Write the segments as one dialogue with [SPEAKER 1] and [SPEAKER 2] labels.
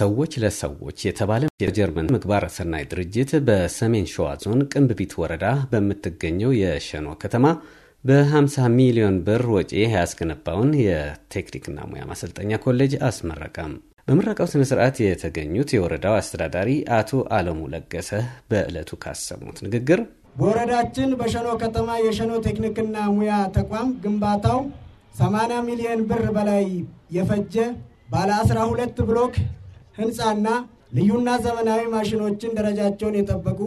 [SPEAKER 1] ሰዎች ለሰዎች የተባለ የጀርመን ምግባረ ሰናይ ድርጅት በሰሜን ሸዋ ዞን ቅንብቢት ወረዳ በምትገኘው የሸኖ ከተማ በ50 ሚሊዮን ብር ወጪ ያስገነባውን የቴክኒክና ሙያ ማሰልጠኛ ኮሌጅ አስመረቀም። በምረቃው ስነ ስርዓት የተገኙት የወረዳው አስተዳዳሪ አቶ አለሙ ለገሰ በዕለቱ ካሰሙት ንግግር
[SPEAKER 2] በወረዳችን በሸኖ ከተማ የሸኖ ቴክኒክና ሙያ ተቋም ግንባታው 80 ሚሊዮን ብር በላይ የፈጀ ባለ 12 ብሎክ ህንፃና ልዩና ዘመናዊ ማሽኖችን ደረጃቸውን የጠበቁ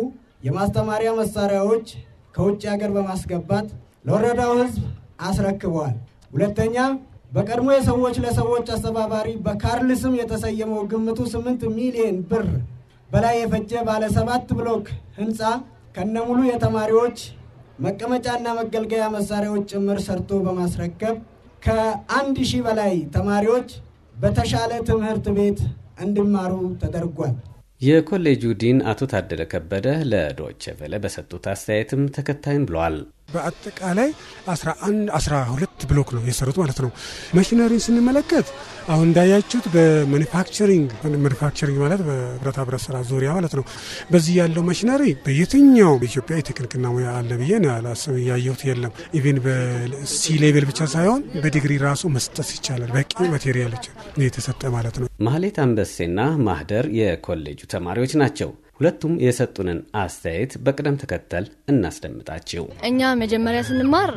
[SPEAKER 2] የማስተማሪያ መሳሪያዎች ከውጭ ሀገር በማስገባት ለወረዳው ህዝብ አስረክበዋል። ሁለተኛ በቀድሞ የሰዎች ለሰዎች አስተባባሪ በካርል ስም የተሰየመው ግምቱ ስምንት ሚሊዮን ብር በላይ የፈጀ ባለ ሰባት ብሎክ ህንፃ ከነሙሉ የተማሪዎች መቀመጫና መገልገያ መሳሪያዎች ጭምር ሰርቶ በማስረከብ ከአንድ ሺህ በላይ ተማሪዎች በተሻለ ትምህርት ቤት እንዲማሩ ተደርጓል።
[SPEAKER 1] የኮሌጁ ዲን አቶ ታደለ ከበደ ለዶይቼ ቬለ በሰጡት አስተያየትም ተከታይም ብለዋል።
[SPEAKER 2] በአጠቃላይ 11 12 ብሎክ ነው የሰሩት ማለት ነው። መሽነሪን ስንመለከት አሁን እንዳያችሁት በማኒፋክቸሪንግ ማኒፋክቸሪንግ ማለት በብረታ ብረት ስራ ዙሪያ ማለት ነው። በዚህ ያለው መሽነሪ በየትኛው በኢትዮጵያ የቴክኒክና ሙያ አለ ብዬ አላስብም፣ እያየሁት የለም። ኢቨን በሲ ሌቤል ብቻ ሳይሆን በዲግሪ ራሱ መስጠት ይቻላል። በቂ ማቴሪያሎች የተሰጠ ማለት ነው።
[SPEAKER 1] ማህሌት አንበሴና ማህደር የኮሌጁ ተማሪዎች ናቸው። ሁለቱም የሰጡንን አስተያየት በቅደም ተከተል እናስደምጣችው።
[SPEAKER 3] እኛ መጀመሪያ ስንማር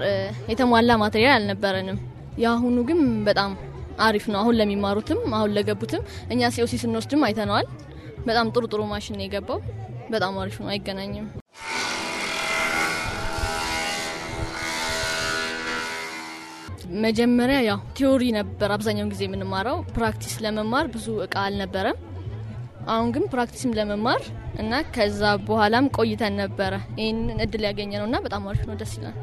[SPEAKER 3] የተሟላ ማቴሪያል አልነበረንም። የአሁኑ ግን በጣም አሪፍ ነው። አሁን ለሚማሩትም አሁን ለገቡትም እኛ ሲኦሲ ስንወስድም አይተነዋል። በጣም ጥሩ ጥሩ ማሽን የገባው። በጣም አሪፍ ነው። አይገናኝም። መጀመሪያ ያው ቲዮሪ ነበር አብዛኛውን ጊዜ የምንማረው። ፕራክቲስ ለመማር ብዙ እቃ አልነበረም። አሁን ግን ፕራክቲስም ለመማር እና ከዛ በኋላም ቆይተን ነበረ ይህንን እድል ያገኘ ነው እና በጣም አሪፍ ነው፣ ደስ ይላል።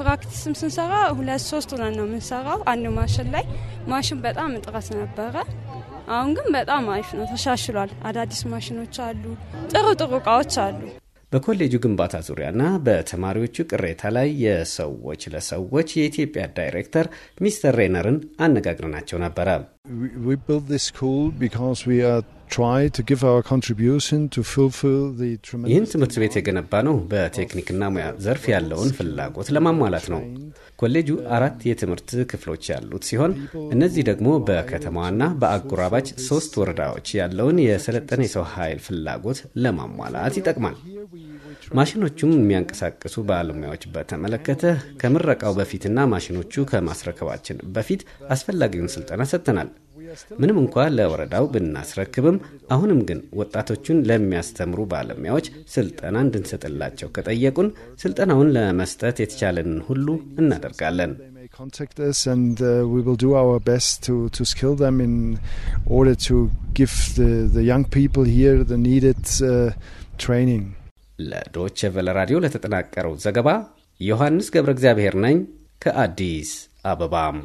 [SPEAKER 3] ፕራክቲስም ስንሰራ ሁለት ሶስት ሆነን ነው የምንሰራው አንድ ማሽን ላይ። ማሽን በጣም እጥረት ነበረ። አሁን ግን በጣም አሪፍ ነው፣ ተሻሽሏል። አዳዲስ ማሽኖች አሉ፣ ጥሩ ጥሩ እቃዎች አሉ።
[SPEAKER 1] በኮሌጁ ግንባታ ዙሪያና በተማሪዎቹ ቅሬታ ላይ የሰዎች ለሰዎች የኢትዮጵያ ዳይሬክተር ሚስተር ሬነርን አነጋግረናቸው ነበረ። ይህን ትምህርት ቤት የገነባ ነው በቴክኒክና ሙያ ዘርፍ ያለውን ፍላጎት ለማሟላት ነው። ኮሌጁ አራት የትምህርት ክፍሎች ያሉት ሲሆን እነዚህ ደግሞ በከተማዋና በአጎራባች ሶስት ወረዳዎች ያለውን የሰለጠነ የሰው ኃይል ፍላጎት ለማሟላት ይጠቅማል። ማሽኖቹም የሚያንቀሳቅሱ ባለሙያዎች በተመለከተ ከምረቃው በፊትና ማሽኖቹ ከማስረከባችን በፊት አስፈላጊውን ስልጠና ሰጥተናል። ምንም እንኳ ለወረዳው ብናስረክብም አሁንም ግን ወጣቶቹን ለሚያስተምሩ ባለሙያዎች ስልጠና እንድንሰጥላቸው ከጠየቁን ስልጠናውን ለመስጠት የተቻለንን ሁሉ እናደርጋለን።
[SPEAKER 2] uh, uh,
[SPEAKER 1] ለዶች ቨለ
[SPEAKER 3] ራዲዮ ለተጠናቀረው ዘገባ ዮሐንስ ገብረ እግዚአብሔር ነኝ ከአዲስ አበባም